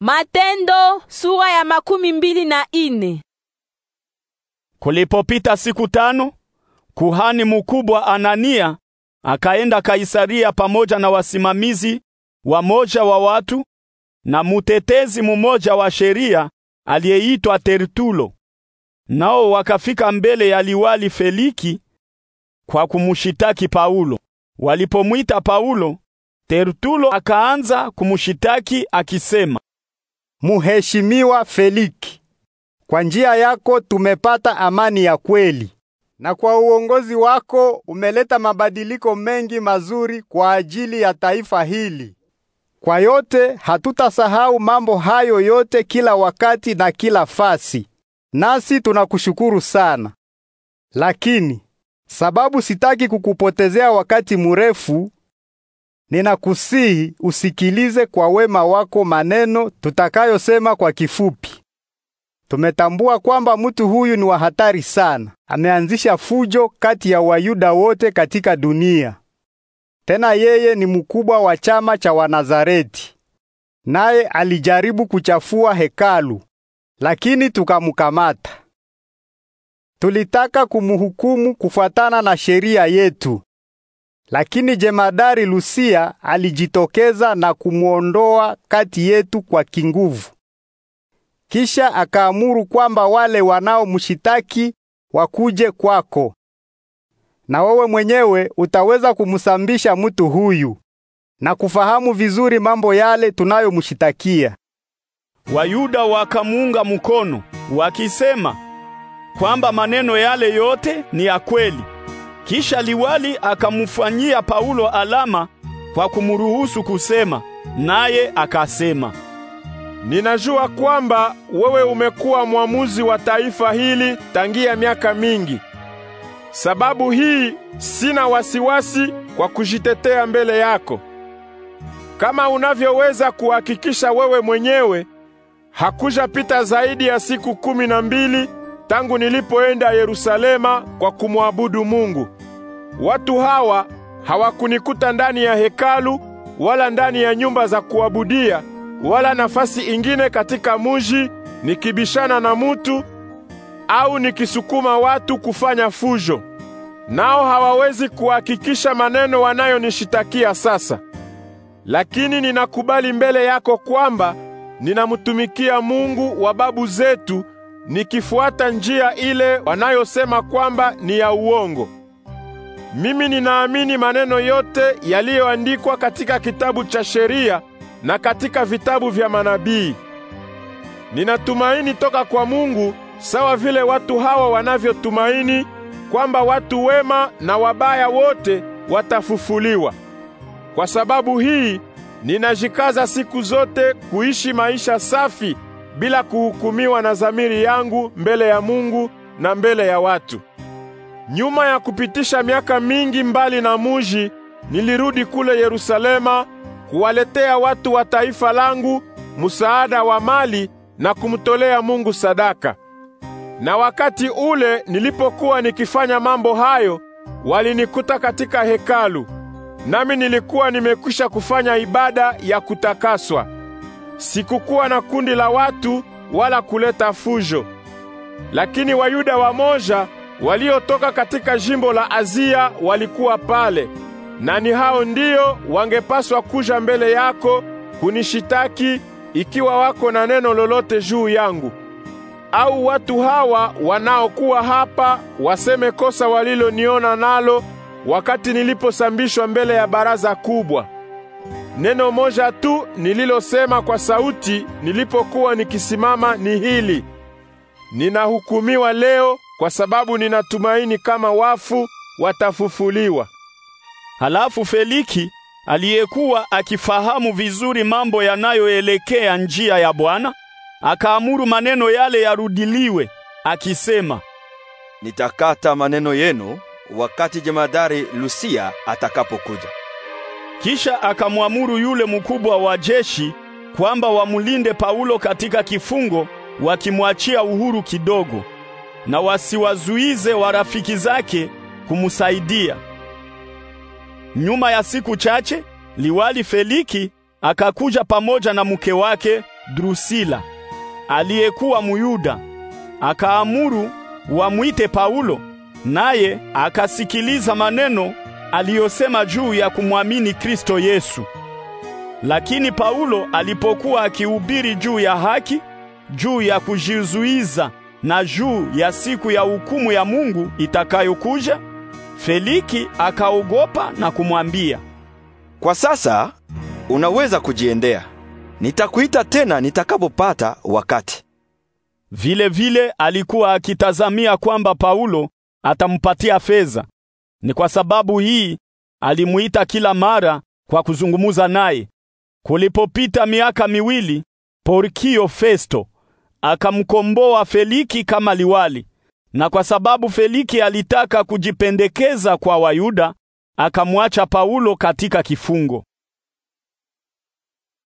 Matendo sura ya makumi mbili na ine. Kulipopita siku tano, kuhani mkubwa Anania akaenda Kaisaria pamoja na wasimamizi wa moja wa watu na mutetezi mmoja wa sheria aliyeitwa Tertulo. Nao wakafika mbele ya liwali Feliki kwa kumshitaki Paulo. Walipomwita Paulo, Tertulo akaanza kumshitaki akisema muheshimiwa Feliki, kwa njia yako tumepata amani ya kweli, na kwa uongozi wako umeleta mabadiliko mengi mazuri kwa ajili ya taifa hili. Kwa yote hatutasahau mambo hayo yote kila wakati na kila fasi, nasi tunakushukuru sana. Lakini sababu sitaki kukupotezea wakati mrefu, Ninakusihi usikilize kwa wema wako maneno tutakayosema kwa kifupi. Tumetambua kwamba mtu huyu ni wa hatari sana. Ameanzisha fujo kati ya Wayuda wote katika dunia. Tena yeye ni mkubwa wa chama cha Wanazareti. Naye alijaribu kuchafua hekalu, lakini tukamkamata. Tulitaka kumhukumu kufuatana na sheria yetu, lakini jemadari Lusia alijitokeza na kumwondoa kati yetu kwa kinguvu. Kisha akaamuru kwamba wale wanaomshitaki wakuje kwako, na wewe mwenyewe utaweza kumsambisha mtu huyu na kufahamu vizuri mambo yale tunayomshitakia. Wayuda wakamuunga mkono wakisema kwamba maneno yale yote ni ya kweli. Kisha liwali akamfanyia Paulo alama kwa kumruhusu kusema, naye akasema, ninajua kwamba wewe umekuwa mwamuzi wa taifa hili tangia miaka mingi. Sababu hii sina wasiwasi kwa kujitetea mbele yako. Kama unavyoweza kuhakikisha wewe mwenyewe, hakujapita zaidi ya siku kumi na mbili tangu nilipoenda Yerusalema kwa kumwabudu Mungu. Watu hawa hawakunikuta ndani ya hekalu wala ndani ya nyumba za kuabudia wala nafasi ingine katika muji nikibishana na mutu au nikisukuma watu kufanya fujo. Nao hawawezi kuhakikisha maneno wanayonishitakia sasa. Lakini ninakubali mbele yako kwamba ninamtumikia Mungu wa babu zetu nikifuata njia ile wanayosema kwamba ni ya uongo. Mimi ninaamini maneno yote yaliyoandikwa katika kitabu cha sheria na katika vitabu vya manabii. Ninatumaini toka kwa Mungu sawa vile watu hawa wanavyotumaini kwamba watu wema na wabaya wote watafufuliwa. Kwa sababu hii ninajikaza siku zote kuishi maisha safi bila kuhukumiwa na zamiri yangu mbele ya Mungu na mbele ya watu. Nyuma ya kupitisha miaka mingi mbali na muji, nilirudi kule Yerusalema kuwaletea watu wa taifa langu msaada wa mali na kumtolea Mungu sadaka. Na wakati ule nilipokuwa nikifanya mambo hayo, walinikuta katika hekalu. Nami nilikuwa nimekwisha kufanya ibada ya kutakaswa. Sikukuwa na kundi la watu wala kuleta fujo. Lakini Wayuda wamoja waliotoka katika jimbo la Azia walikuwa pale, na ni hao ndio wangepaswa kuja mbele yako kunishitaki ikiwa wako na neno lolote juu yangu. Au watu hawa wanaokuwa hapa waseme kosa waliloniona nalo wakati niliposambishwa mbele ya baraza kubwa. Neno moja tu nililosema kwa sauti nilipokuwa nikisimama ni hili: ninahukumiwa leo kwa sababu ninatumaini kama wafu watafufuliwa. Halafu Feliki aliyekuwa akifahamu vizuri mambo yanayoelekea njia ya Bwana akaamuru maneno yale yarudiliwe, akisema, nitakata maneno yenu wakati jemadari Lusia atakapokuja. Kisha akamwamuru yule mkubwa wa jeshi kwamba wamulinde Paulo katika kifungo, wakimwachia uhuru kidogo, na wasiwazuize warafiki zake kumsaidia. Nyuma ya siku chache, liwali Feliki akakuja pamoja na mke wake Drusila aliyekuwa Muyuda, akaamuru wamwite Paulo, naye akasikiliza maneno aliyosema juu ya kumwamini Kristo Yesu. Lakini Paulo alipokuwa akihubiri juu ya haki, juu ya kujizuiza na juu ya siku ya hukumu ya Mungu itakayokuja, Feliki akaogopa na kumwambia, "Kwa sasa unaweza kujiendea. Nitakuita tena nitakapopata wakati." Vile vile alikuwa akitazamia kwamba Paulo atampatia fedha ni kwa sababu hii alimuita kila mara kwa kuzungumuza naye. Kulipopita miaka miwili, Porkio Festo akamkomboa Feliki kama liwali, na kwa sababu Feliki alitaka kujipendekeza kwa Wayuda, akamwacha Paulo katika kifungo.